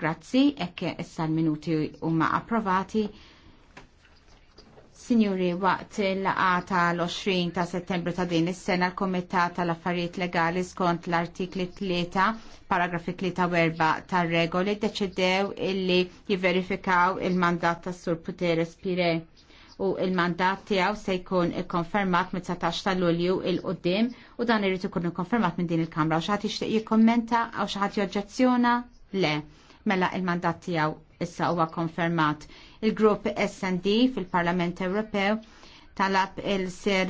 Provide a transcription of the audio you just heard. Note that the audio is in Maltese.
Grazzi, ekke issa l-minuti huma approvati. Signori, waqt il-laqata l-20 ta' settembru ta' din is-sena l-Komitat tal-Affarijiet Legali skont l-artikli 3, paragrafi 3 tar regoli deċidew illi jiverifikaw il-mandat tas Sur Puteres Pire u il-mandat tiegħu se jkun ikkonfermat mit-19 ta' Lulju il qudiem u dan irid ikun ikkonfermat minn din il-Kamra. Xi ħadd jixtieq jikkommenta għaw xi ħadd joġġezzjona? Le mela il-mandat tiegħu issa huwa konfermat. Il-grupp SD fil-Parlament Ewropew talab il-ser